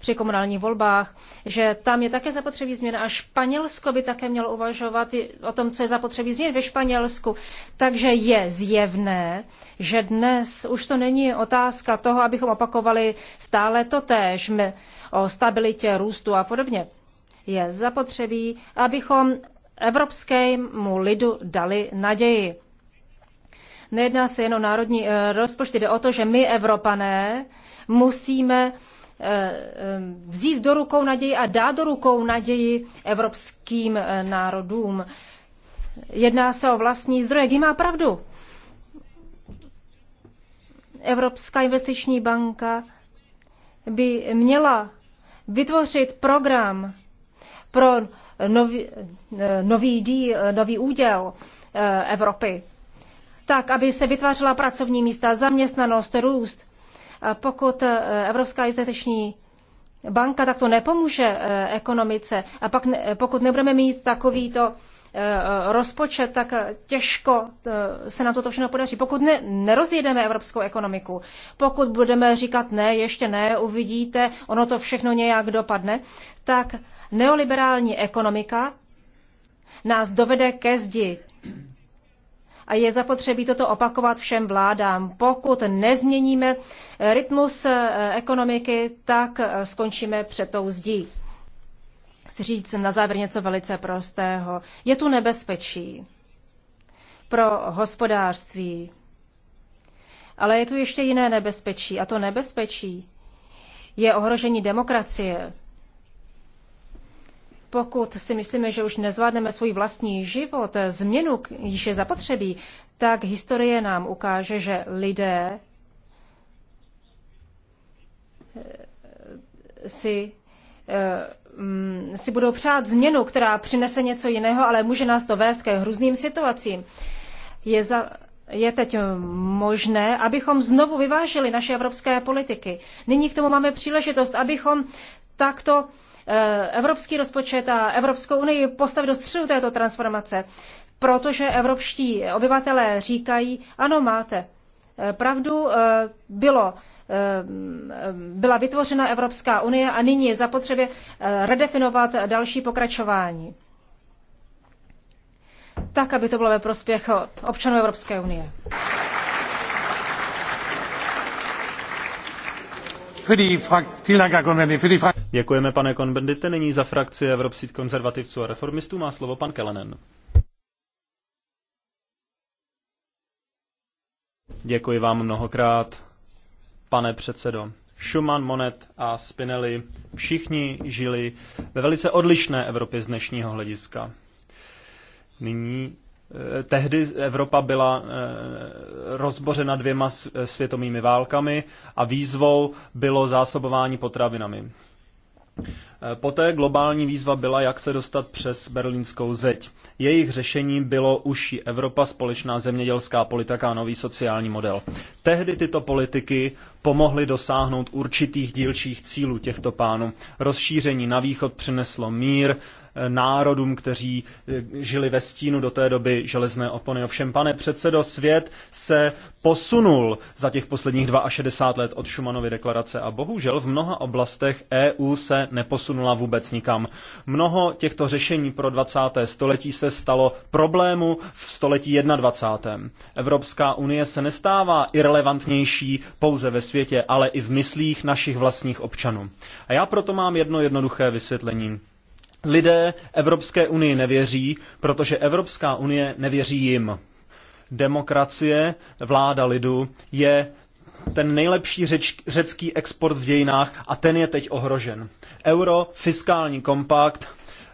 při komunálních volbách, že tam je také zapotřebí změna a Španělsko by také mělo uvažovat o tom, co je zapotřebí změnit ve Španělsku. Takže je zjevné, že dnes už to není otázka toho, abychom opakovali stále to, též o stabilitě, růstu a podobně. Je zapotřebí, abychom evropskému lidu dali naději. Nejedná se jen o národní eh, rozpočty, jde o to, že my, Evropané, musíme eh, eh, vzít do rukou naději a dát do rukou naději evropským národům. Jedná se o vlastní zdroje. Kdy má pravdu? Evropská investiční banka by měla vytvořit program pro nový, nový díl, nový úděl Evropy tak, aby se vytvářela pracovní místa, zaměstnanost, růst. A pokud e, Evropská investiční banka takto nepomůže e, ekonomice a pak pokud nebudeme mít takovýto e, rozpočet, tak těžko se nám toto všechno podaří. Pokud ne, nerozjedeme evropskou ekonomiku, pokud budeme říkat ne, ještě ne, uvidíte, ono to všechno nějak dopadne, tak neoliberální ekonomika nás dovede ke zdi a je zapotřebí toto opakovat všem vládám. Pokud nezměníme rytmus eh, ekonomiky, tak eh, skončíme před tou zdí. Chci říct na závěr něco velice prostého. Je tu nebezpečí pro hospodářství, ale je tu ještě jiné nebezpečí a to nebezpečí je ohrožení demokracie pokud si myslíme, že už nezvládneme svůj vlastní život, změnu, již je zapotřebí, tak historie nám ukáže, že lidé eh, si, eh, mm, si budou přát změnu, která přinese něco jiného, ale může nás to vést ke hruzným situacím. Je, za, je teď možné, abychom znovu vyvážili naše evropské politiky. Nyní k tomu máme příležitost, abychom takto Eh, evropský rozpočet a Evropskou unii postavit do středu této transformace, protože evropští obyvatelé říkají, ano, máte eh, pravdu, eh, bylo byla vytvořena Evropská unie a nyní je zapotřebí redefinovat další pokračování. Tak, aby to bylo ve prospěch občanů Evropské unie. Děkujeme, pane Konbendite. Nyní za frakci Evropských konzervativců a reformistů má slovo pan Kelenen. Děkuji vám mnohokrát, pane předsedo. Schumann, Monet a Spinelli všichni žili ve velice odlišné Evropě z dnešního hlediska. Nyní Eh, tehdy Evropa byla eh, rozbořena dvěma eh, světovými válkami a výzvou bylo zásobování potravinami. Poté globální výzva byla, jak se dostat přes berlínskou zeď. Jejich řešení bylo užší Evropa, společná zemědělská politika a nový sociální model. Tehdy tyto politiky pomohly dosáhnout určitých dílčích cílů těchto pánů. Rozšíření na východ přineslo mír, Eh, národům, kteří eh, žili ve stínu do té doby železné opony. Ovšem, pane předsedo, svět se posunul za těch posledních 62 let od Šumanovy deklarace a bohužel v mnoha oblastech EU se neposunula vůbec nikam. Mnoho těchto řešení pro 20. století se stalo problému v století 21. Evropská unie se nestává irrelevantnější pouze ve světě, ale i v myslích našich vlastních občanů. A já proto mám jedno jednoduché vysvětlení. Lidé Evropské unii nevěří, protože Evropská unie nevěří jim. Demokracie, vláda lidu je ten nejlepší řeč, řecký export v dějinách a ten je teď ohrožen. Euro, fiskální kompakt,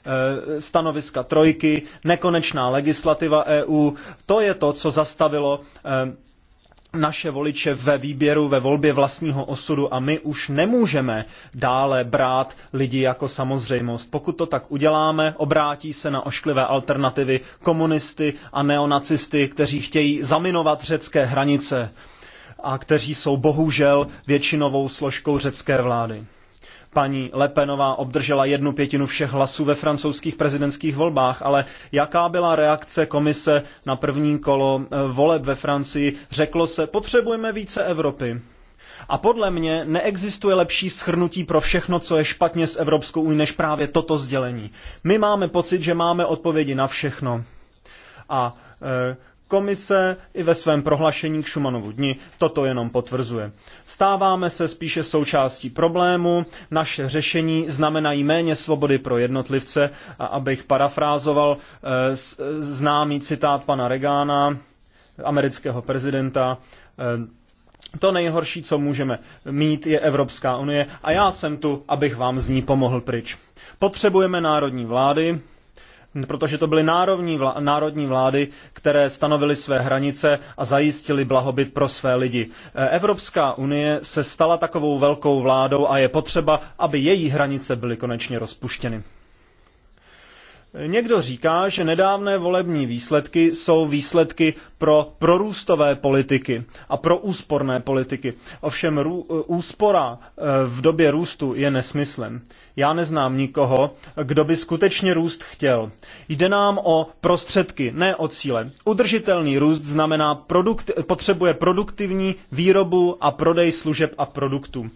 eh, stanoviska trojky, nekonečná legislativa EU, to je to, co zastavilo eh, naše voliče ve výběru, ve volbě vlastního osudu a my už nemůžeme dále brát lidi jako samozřejmost. Pokud to tak uděláme, obrátí se na ošklivé alternativy komunisty a neonacisty, kteří chtějí zaminovat řecké hranice a kteří jsou bohužel většinovou složkou řecké vlády paní Lepenová obdržela jednu pětinu všech hlasů ve francouzských prezidentských volbách, ale jaká byla reakce komise na první kolo eh, voleb ve Francii? Řeklo se, potřebujeme více Evropy. A podle mě neexistuje lepší schrnutí pro všechno, co je špatně s Evropskou unii, než právě toto sdělení. My máme pocit, že máme odpovědi na všechno. A e, Komise i ve svém prohlášení k Šumanovu dni toto jenom potvrzuje. Stáváme se spíše součástí problému, naše řešení znamenají méně svobody pro jednotlivce a abych parafrázoval eh, eh, známý citát pana Regána, amerického prezidenta, eh, to nejhorší, co můžeme mít, je Evropská unie a já jsem tu, abych vám z ní pomohl pryč. Potřebujeme národní vlády, protože to byly národní, národní vlády, které stanovily své hranice a zajistily blahobyt pro své lidi. E, Evropská unie se stala takovou velkou vládou a je potřeba, aby její hranice byly konečně rozpuštěny. E, někdo říká, že nedávné volební výsledky jsou výsledky pro prorůstové politiky a pro úsporné politiky. Ovšem rů, e, úspora v době růstu je nesmyslem. Já neznám nikoho, kdo by skutečně růst chtěl. Jde nám o prostředky, ne o cíle. Udržitelný růst znamená produkt, potřebuje produktivní výrobu a prodej služeb a produktů.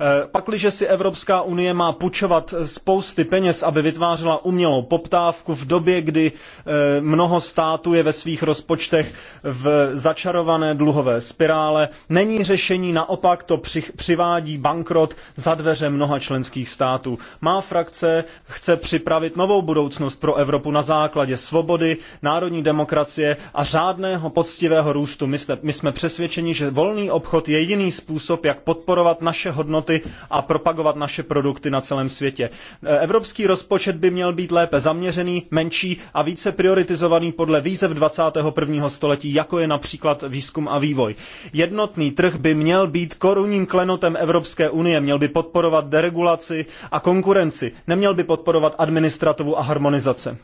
Eh, pakliže si Evropská unie má půjčovat spousty peněz, aby vytvářela umělou poptávku v době, kdy eh, mnoho států je ve svých rozpočtech v začarované dluhové spirále, není řešení, naopak to přivádí bankrot za dveře mnoha členských států. Má frakce chce připravit novou budoucnost pro Evropu na základě svobody, národní demokracie a řádného poctivého růstu. My jsme, my jsme přesvědčeni, že volný obchod je jediný způsob, jak podporovat naše hodnoty hodnoty a propagovat naše produkty na celém světě. E, evropský rozpočet by měl být lépe zaměřený, menší a více prioritizovaný podle výzev 21. století, jako je například výzkum a vývoj. Jednotný trh by měl být korunním klenotem Evropské unie, měl by podporovat deregulaci a konkurenci, neměl by podporovat administrativu a harmonizace.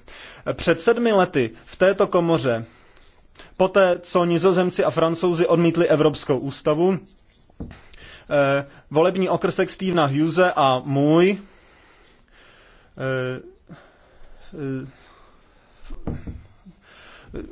E, před sedmi lety v této komoře Poté, co nizozemci a francouzi odmítli Evropskou ústavu, Eh, volební okrsek Stevena Hughes a můj eh, eh,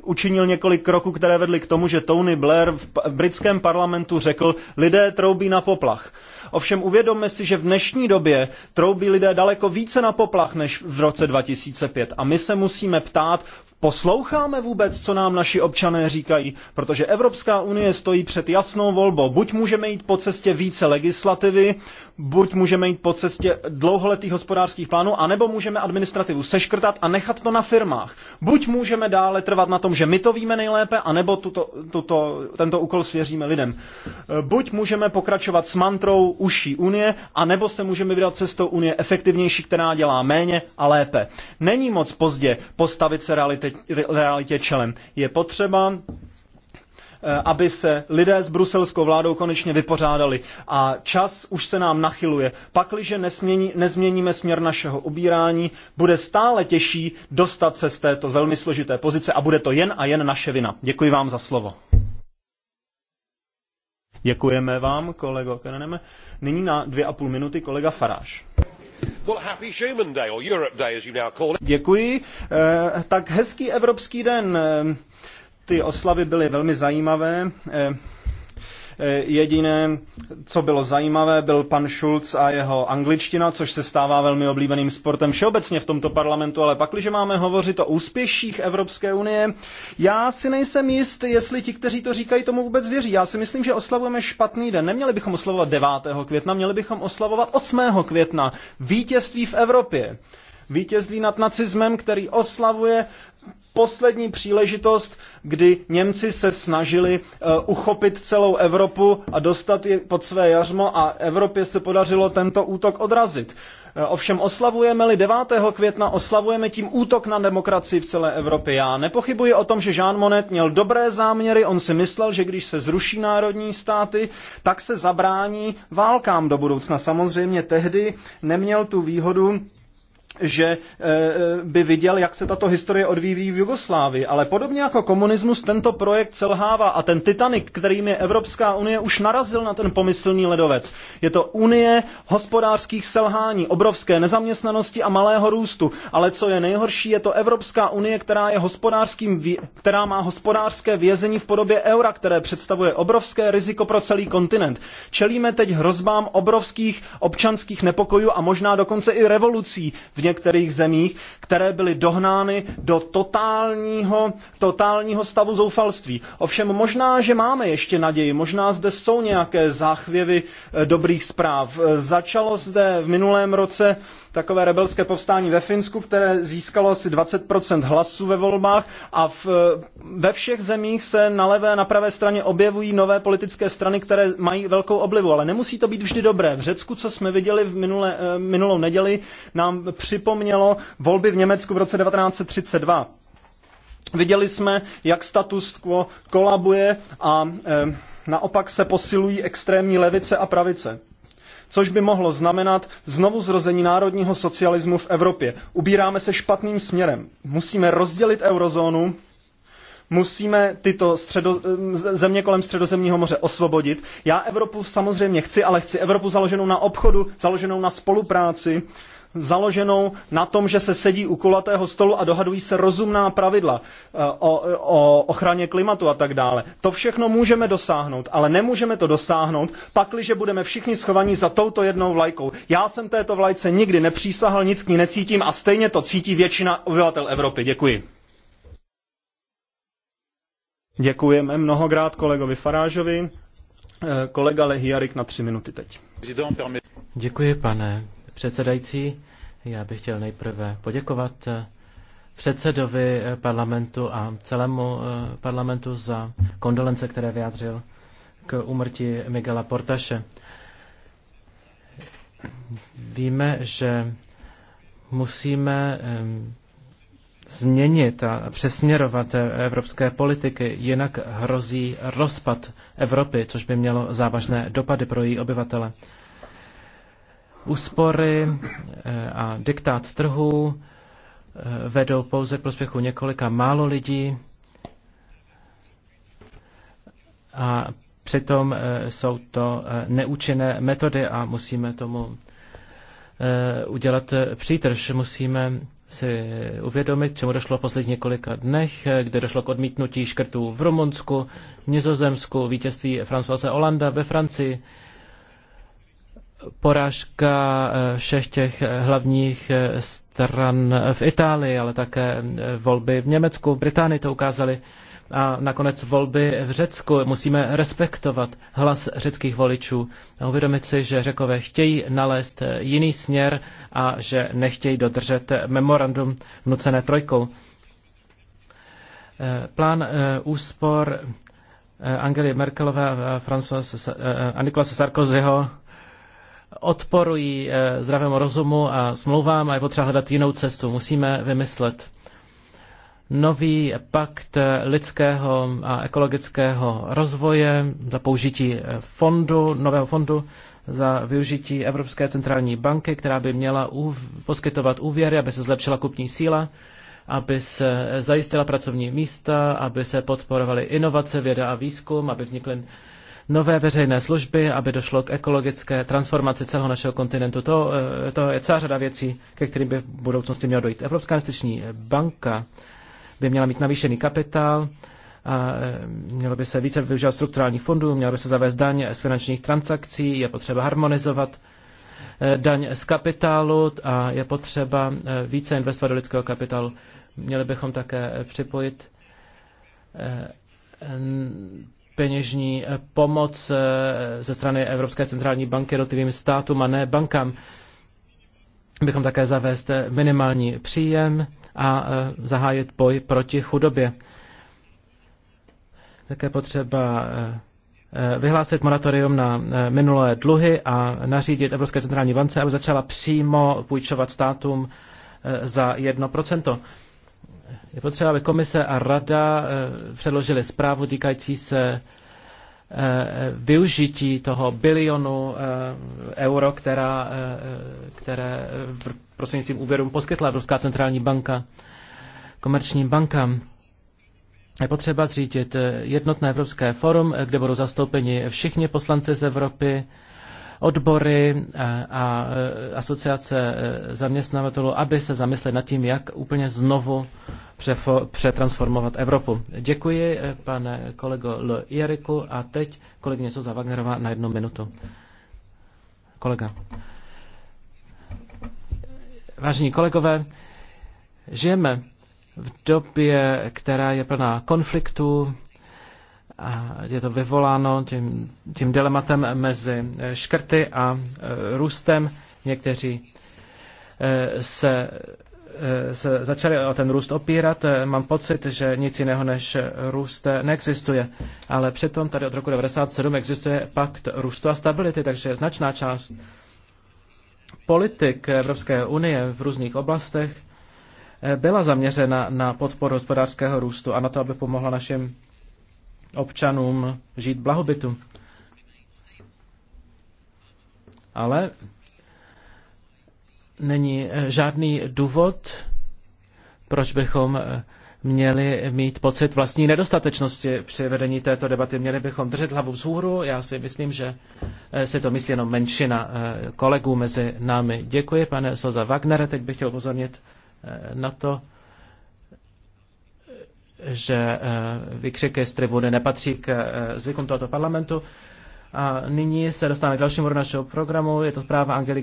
učinil několik kroků, které vedly k tomu, že Tony Blair v britském parlamentu řekl, lidé troubí na poplach. Ovšem uvědomme si, že v dnešní době troubí lidé daleko více na poplach než v roce 2005 a my se musíme ptát, Posloucháme vůbec, co nám naši občané říkají, protože Evropská unie stojí před jasnou volbou. Buď můžeme jít po cestě více legislativy, buď můžeme jít po cestě dlouholetých hospodářských plánů, anebo můžeme administrativu seškrtat a nechat to na firmách. Buď můžeme dále trvat na tom, že my to víme nejlépe, anebo tuto, tuto, tento úkol svěříme lidem. Buď můžeme pokračovat s mantrou uší unie, anebo se můžeme vydat cestou unie efektivnější, která dělá méně a lépe. Není moc pozdě postavit se realitě realitě čelem. Je potřeba eh, aby se lidé s bruselskou vládou konečně vypořádali. A čas už se nám nachyluje. Pakliže nesmění, nezměníme směr našeho ubírání, bude stále těžší dostat se z této velmi složité pozice a bude to jen a jen naše vina. Děkuji vám za slovo. Děkujeme vám, kolego Keneneme. Nyní na dvě a půl minuty kolega Faráš. Děkuji. Tak hezký evropský den. Eh, ty oslavy byly velmi zajímavé. Eh, Eh, jediné, co bylo zajímavé, byl pan Schulz a jeho angličtina, což se stává velmi oblíbeným sportem všeobecně v tomto parlamentu, ale pak, když máme hovořit o úspěších Evropské unie, já si nejsem jist, jestli ti, kteří to říkají, tomu vůbec věří. Já si myslím, že oslavujeme špatný den. Neměli bychom oslavovat 9. května, měli bychom oslavovat 8. května. Vítězství v Evropě vítězství nad nacismem, který oslavuje poslední příležitost, kdy Němci se snažili eh, uchopit celou Evropu a dostat ji pod své jařmo a Evropě se podařilo tento útok odrazit. Eh, ovšem oslavujeme-li 9. května, oslavujeme tím útok na demokracii v celé Evropě. Já nepochybuji o tom, že Jean Monnet měl dobré záměry, on si myslel, že když se zruší národní státy, tak se zabrání válkám do budoucna. Samozřejmě tehdy neměl tu výhodu, že eh, eh, by viděl, jak se tato historie odvíjí v Jugoslávii. Ale podobně jako komunismus, tento projekt selhává a ten Titanic, kterým je Evropská unie, už narazil na ten pomyslný ledovec. Je to unie hospodářských selhání, obrovské nezaměstnanosti a malého růstu. Ale co je nejhorší, je to Evropská unie, která, je hospodářským, která má hospodářské vězení v podobě eura, které představuje obrovské riziko pro celý kontinent. Čelíme teď hrozbám obrovských občanských nepokojů a možná dokonce i revolucí v něk- některých zemích, které byly dohnány do totálního, totálního stavu zoufalství. Ovšem možná, že máme ještě naději, možná zde jsou nějaké záchvěvy eh, dobrých zpráv. Eh, začalo zde v minulém roce takové rebelské povstání ve Finsku, které získalo asi 20% hlasů ve volbách a v, ve všech zemích se na levé a na pravé straně objevují nové politické strany, které mají velkou oblivu, ale nemusí to být vždy dobré. V Řecku, co jsme viděli v minule, eh, minulou neděli, nám připomnělo volby v Německu v roce 1932. Viděli jsme, jak status quo kolabuje a e, naopak se posilují extrémní levice a pravice což by mohlo znamenat znovu zrození národního socialismu v Evropě. Ubíráme se špatným směrem. Musíme rozdělit eurozónu, musíme tyto středo, eh, země kolem středozemního moře osvobodit. Já Evropu samozřejmě chci, ale chci Evropu založenou na obchodu, založenou na spolupráci, založenou na tom, že se sedí u kulatého stolu a dohadují se rozumná pravidla eh, o, o ochraně klimatu a tak dále. To všechno můžeme dosáhnout, ale nemůžeme to dosáhnout, pakliže budeme všichni schovaní za touto jednou vlajkou. Já jsem této vlajce nikdy nepřísahal, nic k ní necítím a stejně to cítí většina obyvatel Evropy. Děkuji. Děkujeme mnohokrát kolegovi Farážovi. Eh, kolega Lehiarik na tři minuty teď. Děkuji, pane předsedající. Já bych chtěl nejprve poděkovat eh, předsedovi eh, parlamentu a celému eh, parlamentu za kondolence, které vyjádřil k úmrtí Miguela Portaše. Víme, že musíme změnit a přesměrovat evropské politiky, jinak hrozí rozpad Evropy, což by mělo závažné dopady pro její obyvatele. Úspory eh, a diktát trhu eh, vedou pouze k prospěchu několika málo lidí a přitom eh, jsou to neúčinné metody a musíme tomu udělat přítrž. Musíme si uvědomit, čemu došlo v posledních několika dnech, kde došlo k odmítnutí škrtů v Rumunsku, v Nizozemsku, vítězství Francoise Hollanda ve Francii, porážka eh, všech těch eh, hlavních eh, stran v Itálii, ale také volby v Německu, v Británii to ukázali a nakonec volby v Řecku. Musíme respektovat hlas řeckých voličů a uvědomit si, že Řekové chtějí nalézt jiný směr a že nechtějí dodržet memorandum vnucené trojkou. Plán úspor Angely Merkelové a, Francoise, a Nikolase Sarkozyho odporují eh, zdravému rozumu a smlouvám a je potřeba hledat jinou cestu. Musíme vymyslet nový pakt lidského a ekologického rozvoje za použití eh, fondu, nového fondu za využití Evropské centrální banky, která by měla poskytovat úvěry, aby se zlepšila kupní síla, aby se zajistila pracovní místa, aby se podporovaly inovace, věda a výzkum, aby vznikly nové veřejné služby, aby došlo k ekologické transformaci celého našeho kontinentu. To, eh, to je celá řada věcí, ke kterým by v budoucnosti mělo dojít. Evropská investiční banka by měla mít navýšený kapitál, a eh, mělo by se více využívat strukturálních fondů, mělo by se zavést daň z finančních transakcí, je potřeba harmonizovat eh, daň z kapitálu a je potřeba více investovat do lidského kapitálu. Měli bychom také připojit peněžní eh, pomoc eh, ze strany Evropské centrální banky jednotlivým státům a ne bankám. Bychom také zavést eh, minimální příjem a zahájit boj proti chudobě. Také potřeba vyhlásit moratorium na minulé dluhy a nařídit Evropské centrální bance, aby začala přímo půjčovat státům za 1%. Je potřeba, aby komise a rada eh, předložili zprávu týkající se eh, využití toho bilionu eh, euro, která, které prostřednictvím úvěrům poskytla Evropská centrální banka komerčním bankám. Je potřeba zřídit jednotné evropské forum, kde budou zastoupeni všichni poslanci z Evropy, odbory a eh, asociace eh, zaměstnavatelů, aby se zamysleli nad tím, jak úplně znovu přetransformovat Evropu. Děkuji, eh, pane kolego L. Jeriku, a teď kolegyně Suza Wagnerová na jednu minutu. Kolega. Vážení kolegové, žijeme v době, která je plná konfliktů, a je to vyvoláno tím, tím dilematem mezi škrty a e, růstem. Někteří e, se, e, se začali o ten růst opírat. Mám pocit, že nic jiného než růst neexistuje. Ale přitom tady od roku 1997 existuje pakt růstu a stability, takže značná část politik Evropské unie v různých oblastech byla zaměřena na podporu hospodářského růstu a na to, aby pomohla našim občanům žít blahobytu. Ale není eh, žádný důvod, proč bychom eh, měli mít pocit vlastní nedostatečnosti při vedení této debaty. Měli bychom držet hlavu vzhůru. Já si myslím, že eh, si to myslí jenom menšina kolegů mezi námi. Děkuji, pane Soza Wagner. Teď bych chtěl upozornit na to, že eh, vykřiky z tribuny nepatří k eh, zvykům tohoto parlamentu. A nyní se dostáváme k dalšímu našeho programu. Je to zpráva Angeliky